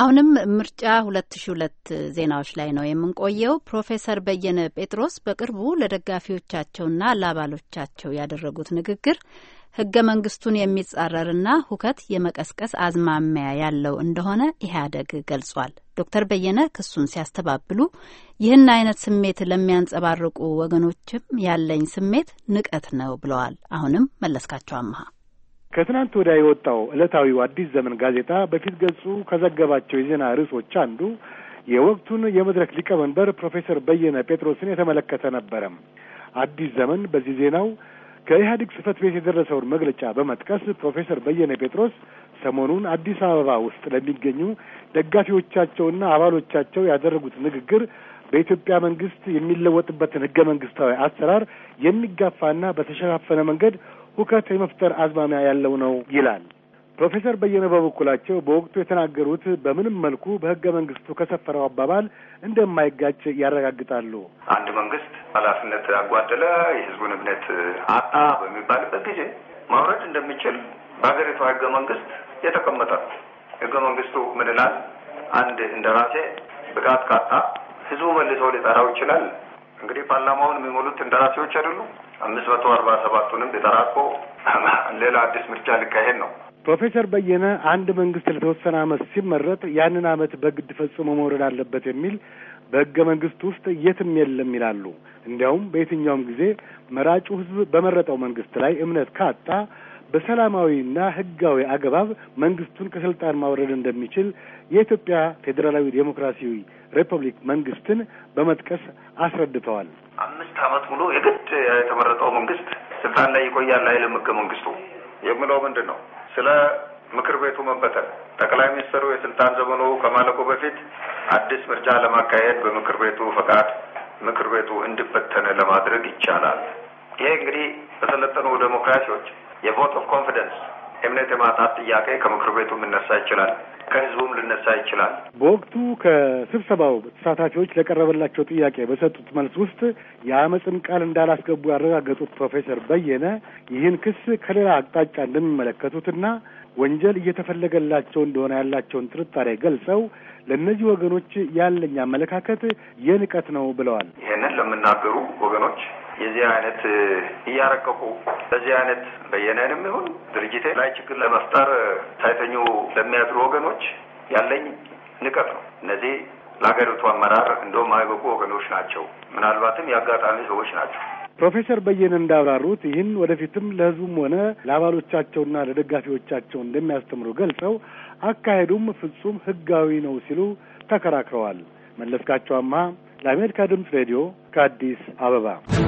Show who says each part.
Speaker 1: አሁንም ምርጫ ሁለት ሺ ሁለት ዜናዎች ላይ ነው የምንቆየው። ፕሮፌሰር በየነ ጴጥሮስ በቅርቡ ለደጋፊዎቻቸውና ለአባሎቻቸው ያደረጉት ንግግር ህገ መንግስቱን የሚጻረርና ሁከት የመቀስቀስ አዝማሚያ ያለው እንደሆነ ኢህአዴግ ገልጿል። ዶክተር በየነ ክሱን ሲያስተባብሉ ይህን አይነት ስሜት ለሚያንጸባርቁ ወገኖችም ያለኝ ስሜት ንቀት ነው ብለዋል። አሁንም መለስካቸው
Speaker 2: አመሃ ከትናንት ወዲያ የወጣው ዕለታዊው አዲስ ዘመን ጋዜጣ በፊት ገጹ ከዘገባቸው የዜና ርዕሶች አንዱ የወቅቱን የመድረክ ሊቀመንበር ፕሮፌሰር በየነ ጴጥሮስን የተመለከተ ነበረ። አዲስ ዘመን በዚህ ዜናው ከኢህአዴግ ጽህፈት ቤት የደረሰውን መግለጫ በመጥቀስ ፕሮፌሰር በየነ ጴጥሮስ ሰሞኑን አዲስ አበባ ውስጥ ለሚገኙ ደጋፊዎቻቸውና አባሎቻቸው ያደረጉት ንግግር በኢትዮጵያ መንግስት የሚለወጥበትን ህገ መንግስታዊ አሰራር የሚጋፋና በተሸፋፈነ መንገድ ሁከት የመፍጠር አዝማሚያ ያለው ነው ይላል። ፕሮፌሰር በየነ በበኩላቸው በወቅቱ የተናገሩት በምንም መልኩ በህገ መንግስቱ ከሰፈረው አባባል እንደማይጋጭ ያረጋግጣሉ።
Speaker 1: አንድ መንግስት ኃላፊነት አጓደለ፣ የህዝቡን እምነት አጣ በሚባልበት ጊዜ ማውረድ እንደሚችል በሀገሪቷ ህገ መንግስት የተቀመጠ ህገ መንግስቱ ምን ይላል? አንድ እንደራሴ ብቃት ካጣ ህዝቡ መልሰው ሊጠራው ይችላል እንግዲህ ፓርላማውን የሚሞሉት እንደራሴዎች አይደሉም። አምስት መቶ አርባ ሰባቱንም የተራቆ ሌላ አዲስ ምርጫ ሊካሄድ ነው።
Speaker 2: ፕሮፌሰር በየነ አንድ መንግስት ለተወሰነ አመት ሲመረጥ ያንን አመት በግድ ፈጽሞ መውረድ አለበት የሚል በህገ መንግስት ውስጥ የትም የለም ይላሉ። እንዲያውም በየትኛውም ጊዜ መራጩ ህዝብ በመረጠው መንግስት ላይ እምነት ካጣ በሰላማዊና ህጋዊ አግባብ መንግስቱን ከስልጣን ማውረድ እንደሚችል የኢትዮጵያ ፌዴራላዊ ዴሞክራሲያዊ ሪፐብሊክ መንግስትን በመጥቀስ አስረድተዋል።
Speaker 1: አምስት ዓመት ሙሉ የግድ የተመረጠው መንግስት ስልጣን ላይ ይቆያል አይልም ህገ መንግስቱ። የምለው ምንድን ነው? ስለ ምክር ቤቱ መበተን ጠቅላይ ሚኒስትሩ የስልጣን ዘመኑ ከማለቁ በፊት አዲስ ምርጫ ለማካሄድ በምክር ቤቱ ፈቃድ ምክር ቤቱ እንዲበተን ለማድረግ ይቻላል። ይሄ እንግዲህ በሰለጠኑ ዴሞክራሲዎች የቮት ኦፍ ኮንፊደንስ እምነት የማጣት ጥያቄ ከምክር ቤቱም ሊነሳ ይችላል፣ ከህዝቡም ልነሳ ይችላል።
Speaker 2: በወቅቱ ከስብሰባው ተሳታፊዎች ለቀረበላቸው ጥያቄ በሰጡት መልስ ውስጥ የአመፅን ቃል እንዳላስገቡ ያረጋገጡት ፕሮፌሰር በየነ ይህን ክስ ከሌላ አቅጣጫ እንደሚመለከቱትና ወንጀል እየተፈለገላቸው እንደሆነ ያላቸውን ጥርጣሬ ገልጸው ለእነዚህ ወገኖች ያለኝ አመለካከት የንቀት ነው ብለዋል። ይህንን
Speaker 1: ለምናገሩ ወገኖች የዚህ አይነት እያረቀቁ በዚህ አይነት በየነንም ይሁን ድርጅቴ ላይ ችግር ለመፍጠር ሳይተኙ ለሚያድሩ ወገኖች ያለኝ ንቀት ነው። እነዚህ ለሀገሪቱ አመራር እንደውም አይበቁ ወገኖች ናቸው። ምናልባትም የአጋጣሚ ሰዎች ናቸው።
Speaker 2: ፕሮፌሰር በየነ እንዳብራሩት ይህን ወደፊትም ለህዝቡም ሆነ ለአባሎቻቸውና ለደጋፊዎቻቸው እንደሚያስተምሩ ገልጸው አካሄዱም ፍጹም ህጋዊ ነው ሲሉ ተከራክረዋል። መለስካቸው አምሃ ለአሜሪካ ድምፅ ሬዲዮ ከአዲስ አበባ